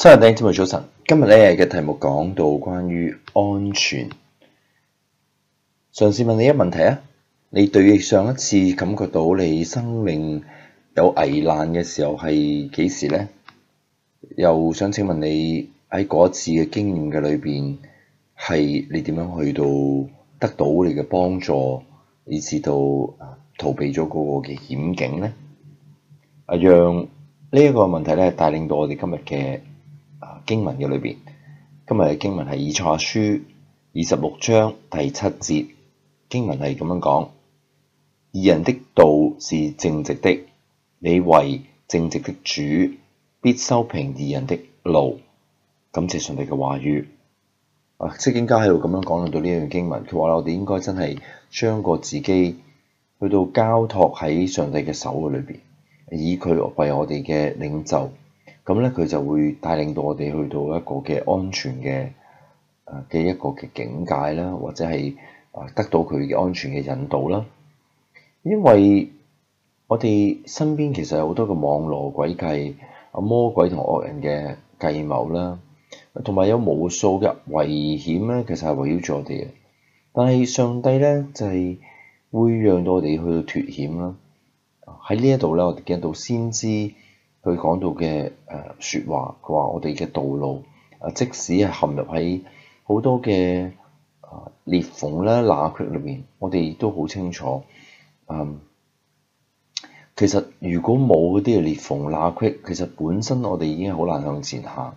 七日頂節目早晨，今日咧嘅題目講到關於安全。嘗試問你一問題啊，你對上上一次感覺到你生命有危難嘅時候係幾時咧？又想請問你喺嗰次嘅經驗嘅裏邊，係你點樣去到得到你嘅幫助，以至到逃避咗嗰個嘅險境咧？啊，讓呢一個問題咧，帶領到我哋今日嘅。經文嘅裏邊，今日嘅經文係以賽亞、啊、書二十六章第七節，經文係咁樣講：義人的道是正直的，你為正直的主，必修平義人的路。感謝上帝嘅話語，啊，即係經家喺度咁樣講到呢一段經文，佢話我哋應該真係將個自己去到交託喺上帝嘅手嘅裏邊，以佢為我哋嘅領袖。咁咧，佢就會帶領到我哋去到一個嘅安全嘅，誒嘅一個嘅境界啦，或者係誒得到佢嘅安全嘅引導啦。因為我哋身邊其實有好多嘅網絡詭計、啊魔鬼同惡人嘅計謀啦，同埋有無數嘅危險咧，其實係圍繞住我哋嘅。但係上帝咧就係、是、會讓到我哋去到脫險啦。喺呢一度咧，我哋見到先知。佢講到嘅誒説話，佢話我哋嘅道路啊，即使係陷入喺好多嘅裂縫啦，罅隙裏面，我哋都好清楚。嗯，其實如果冇嗰啲嘅裂縫、罅隙，其實本身我哋已經好難向前行。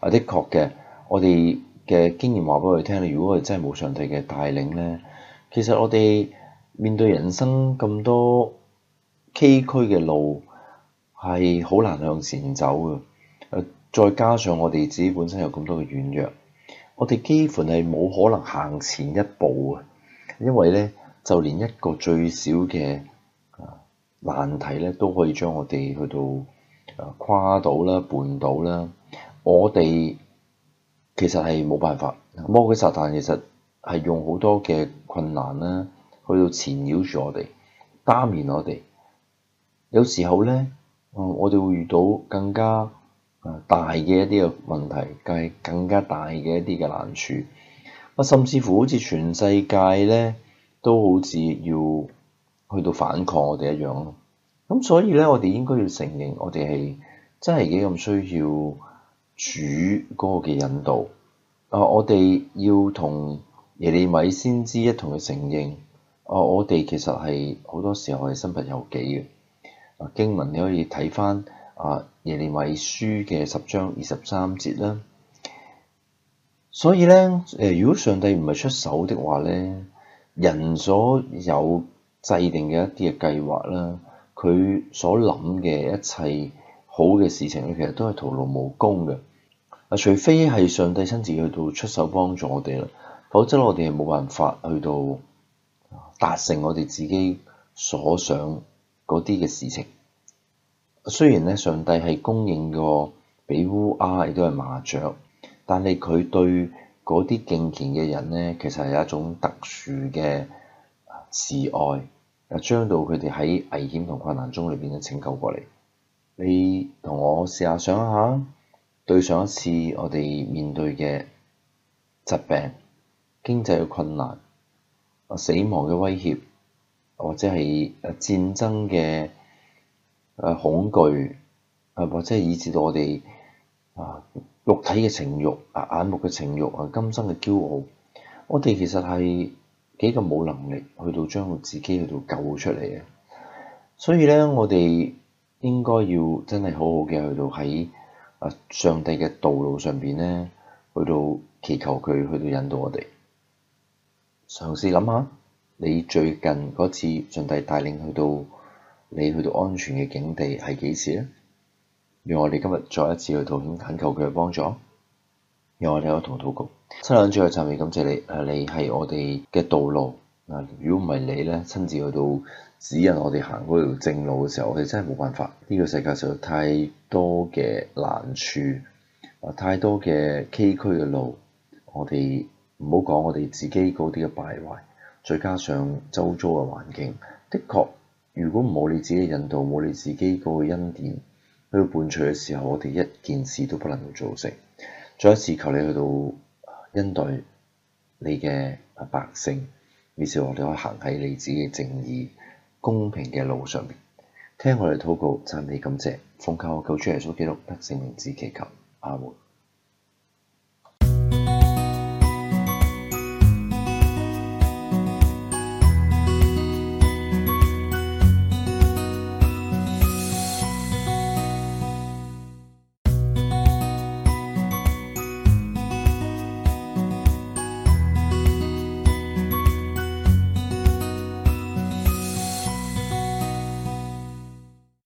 啊，的確嘅，我哋嘅經驗話俾我哋聽啦。如果我哋真係冇上帝嘅帶領咧，其實我哋面對人生咁多崎嶇嘅路。係好難向前走嘅。再加上我哋自己本身有咁多嘅軟弱，我哋幾乎係冇可能行前一步嘅，因為呢，就連一個最小嘅難題呢，都可以將我哋去到跨到啦、絆倒啦。我哋其實係冇辦法。魔鬼撒旦其實係用好多嘅困難啦，去到纏繞住我哋，攔截我哋。有時候呢。嗯，我哋會遇到更加誒大嘅一啲嘅問題，但係更加大嘅一啲嘅難處，啊，甚至乎好似全世界咧都好似要去到反抗我哋一樣咯。咁所以咧，我哋應該要承認我，我哋係真係幾咁需要主個嘅引導。啊，我哋要同耶利米先知一同去承認，啊，我哋其實係好多時候係身不由己嘅。經文你可以睇翻《耶利米書》嘅十章二十三節啦。所以咧，誒如果上帝唔係出手的話咧，人所有制定嘅一啲嘅計劃啦，佢所諗嘅一切好嘅事情咧，其實都係徒勞無功嘅。啊，除非係上帝親自去到出手幫助我哋啦，否則我哋係冇辦法去到達成我哋自己所想。嗰啲嘅事情，雖然咧上帝係供應過俾烏鴉，亦都係麻雀，但係佢對嗰啲敬虔嘅人咧，其實係一種特殊嘅慈愛，啊將到佢哋喺危險同困難中裏邊咧拯救過嚟。你同我試下想一下，對上一次我哋面對嘅疾病、經濟嘅困難、啊死亡嘅威脅。或者係誒戰爭嘅恐懼，或者係以致到我哋啊肉體嘅情慾啊眼目嘅情慾啊今生嘅驕傲，我哋其實係幾咁冇能力去到將自己去到救出嚟嘅，所以咧我哋應該要真係好好嘅，去到喺啊上帝嘅道路上邊咧，去到祈求佢去到引導我哋，嘗試諗下。你最近嗰次上帝帶領去到你去到安全嘅境地係幾時咧？讓我哋今日再一次去禱告、懇求佢嘅幫助。讓我哋一同禱告。親眼主愛，特別感謝你。誒，你係我哋嘅道路。嗱，如果唔係你咧，親自去到指引我哋行嗰條正路嘅時候，我哋真係冇辦法。呢個世界上有太多嘅難處，啊，太多嘅崎嶇嘅路。我哋唔好講我哋自己嗰啲嘅敗壞。再加上周遭嘅環境，的確，如果冇你自己引導，冇你自己嗰個恩典去伴隨嘅時候，我哋一件事都不能夠做成。再一次求你去到恩待你嘅百姓，於是我哋可以行喺你自己嘅正義、公平嘅路上面，聽我哋禱告，讚美感謝，奉靠我救主耶穌基督得勝名字祈求，阿門。